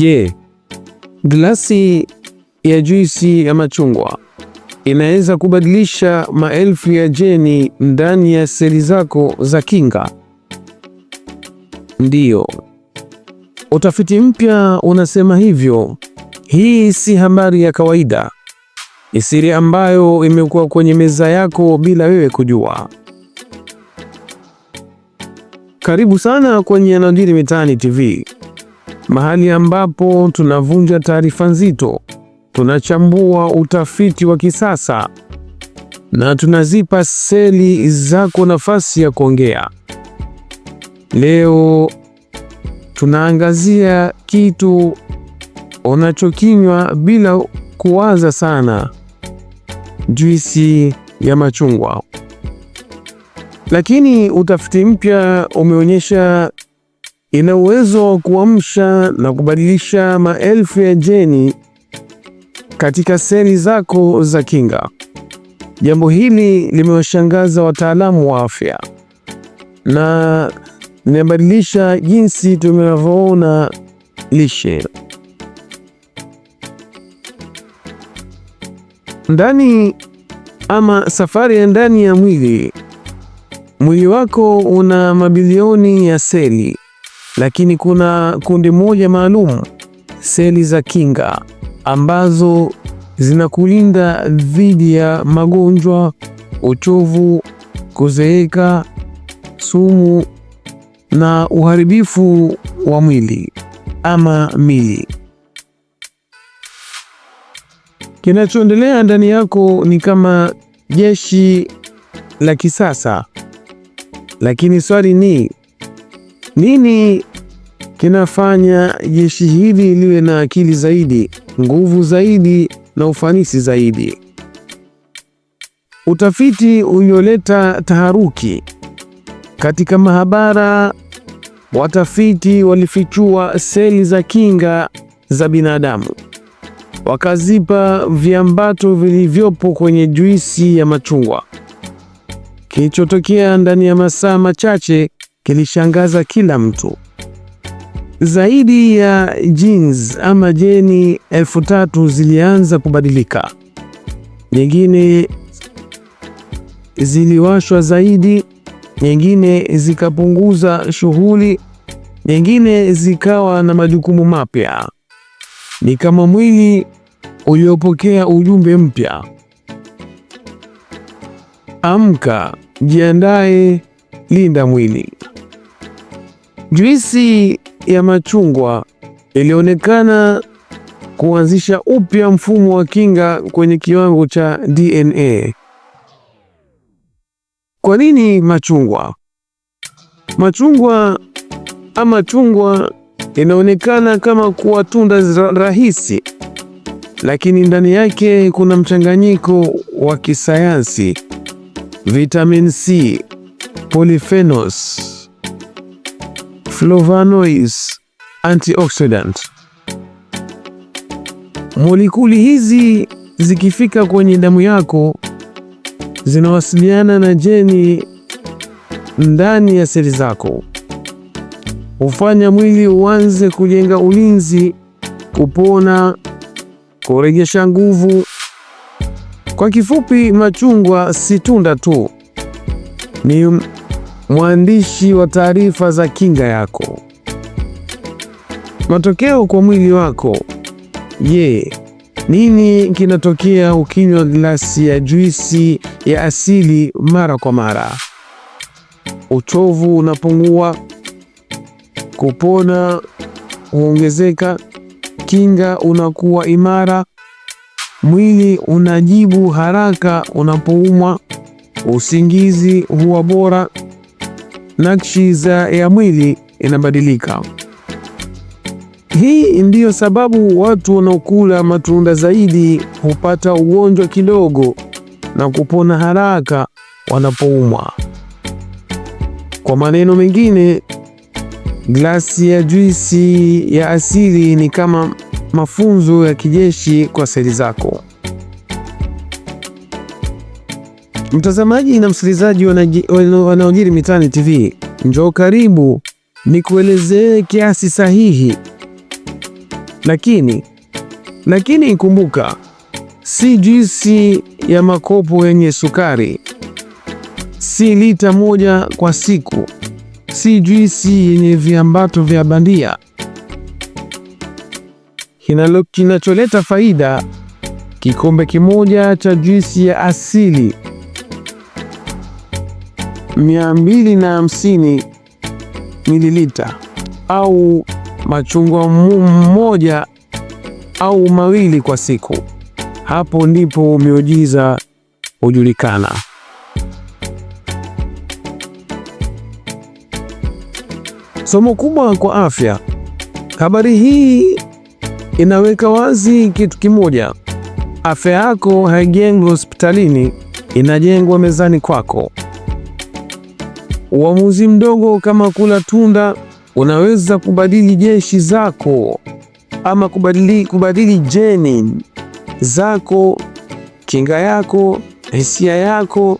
Je, glasi ya juisi ya machungwa inaweza kubadilisha maelfu ya jeni ndani ya seli zako za kinga? Ndiyo, utafiti mpya unasema hivyo. Hii si habari ya kawaida, ni siri ambayo imekuwa kwenye meza yako bila wewe kujua. Karibu sana kwenye Yanayojiri Mitaani TV mahali ambapo tunavunja taarifa nzito, tunachambua utafiti wa kisasa na tunazipa seli zako nafasi ya kuongea. Leo tunaangazia kitu unachokinywa bila kuwaza sana, juisi ya machungwa. Lakini utafiti mpya umeonyesha ina uwezo wa kuamsha na kubadilisha maelfu ya jeni katika seli zako za kinga. Jambo hili limewashangaza wataalamu wa afya na linabadilisha jinsi tunavyoona lishe. Ndani ama safari ya ndani ya mwili. Mwili wako una mabilioni ya seli lakini kuna kundi moja maalum, seli za kinga ambazo zinakulinda dhidi ya magonjwa, uchovu, kuzeeka, sumu na uharibifu wa mwili ama mili. Kinachoendelea ndani yako ni kama jeshi la kisasa, lakini swali ni nini kinafanya jeshi hili liwe na akili zaidi, nguvu zaidi na ufanisi zaidi? Utafiti ulioleta taharuki katika mahabara, watafiti walifichua seli za kinga za binadamu, wakazipa viambato vilivyopo kwenye juisi ya machungwa. Kilichotokea ndani ya masaa machache kilishangaza kila mtu. Zaidi ya jeans ama jeni elfu tatu zilianza kubadilika, nyingine ziliwashwa zaidi, nyingine zikapunguza shughuli, nyingine zikawa na majukumu mapya. Ni kama mwili uliopokea ujumbe mpya: amka, jiandae, linda mwili. Juisi ya machungwa ilionekana kuanzisha upya mfumo wa kinga kwenye kiwango cha DNA. Kwa nini machungwa? Machungwa ama chungwa inaonekana kama kuwa tunda rahisi, lakini ndani yake kuna mchanganyiko wa kisayansi, vitamin C, polyphenols flavonoids, antioxidant. Molekuli hizi zikifika kwenye damu yako zinawasiliana na jeni ndani ya seli zako, hufanya mwili uanze kujenga ulinzi, kupona, kurejesha nguvu. Kwa kifupi, machungwa si tunda tu, ni mwandishi wa taarifa za kinga yako. Matokeo kwa mwili wako. Je, nini kinatokea ukinywa glasi ya juisi ya asili mara kwa mara? Uchovu unapungua, kupona huongezeka, kinga unakuwa imara, mwili unajibu haraka unapoumwa, usingizi huwa bora nakshi za ya mwili inabadilika. Hii ndiyo sababu watu wanaokula matunda zaidi hupata ugonjwa kidogo na kupona haraka wanapoumwa. Kwa maneno mengine, glasi ya juisi ya asili ni kama mafunzo ya kijeshi kwa seli zako. Mtazamaji na msikilizaji wanaojiri mitaani TV, njoo karibu nikuelezee kiasi sahihi, lakini lakini kumbuka, si juisi ya makopo yenye sukari, si lita moja kwa siku, si juisi yenye viambato vya bandia. Kinacholeta faida, kikombe kimoja cha juisi ya asili 250 mililita au machungwa mmoja au mawili kwa siku. Hapo ndipo miujiza hujulikana. Somo kubwa kwa afya. Habari hii inaweka wazi kitu kimoja: afya yako haijengwi hospitalini, inajengwa mezani kwako. Uamuzi mdogo kama kula tunda unaweza kubadili jeshi zako ama kubadili, kubadili jeni zako, kinga yako, hisia yako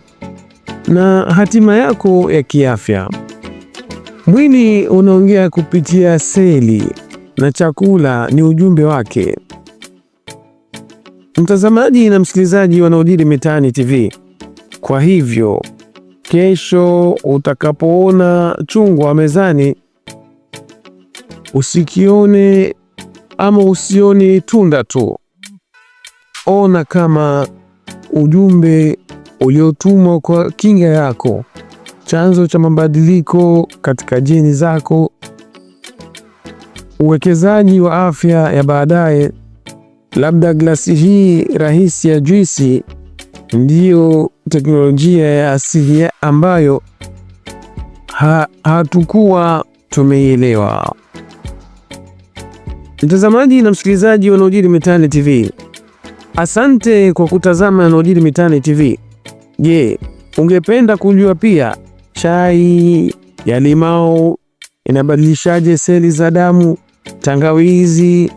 na hatima yako ya kiafya. Mwili unaongea kupitia seli na chakula ni ujumbe wake. Mtazamaji na msikilizaji wanaojiri mitaani TV. Kwa hivyo Kesho utakapoona chungwa mezani, usikione ama usioni tunda tu, ona kama ujumbe uliotumwa kwa kinga yako, chanzo cha mabadiliko katika jeni zako. Uwekezaji wa afya ya baadaye. Labda glasi hii rahisi ya juisi ndiyo teknolojia ya asili ambayo ha, hatukuwa tumeielewa. Mtazamaji na msikilizaji yanayojiri mitaani TV, asante kwa kutazama yanayojiri mitaani TV. Je, ungependa kujua pia chai ya limao inabadilishaje seli za damu? Tangawizi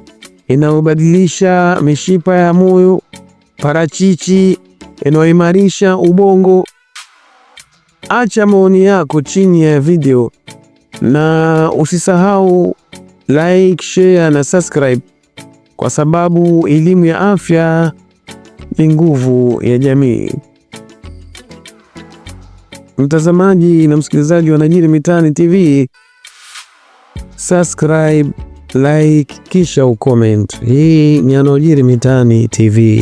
inayobadilisha mishipa ya moyo? Parachichi inayoimarisha ubongo. Acha maoni yako chini ya video na usisahau like, share na subscribe, kwa sababu elimu ya afya ni nguvu ya jamii. Mtazamaji na msikilizaji wa Yanayojiri Mitaani TV, subscribe, like kisha ucomment. Hii ni Yanayojiri Mitaani TV.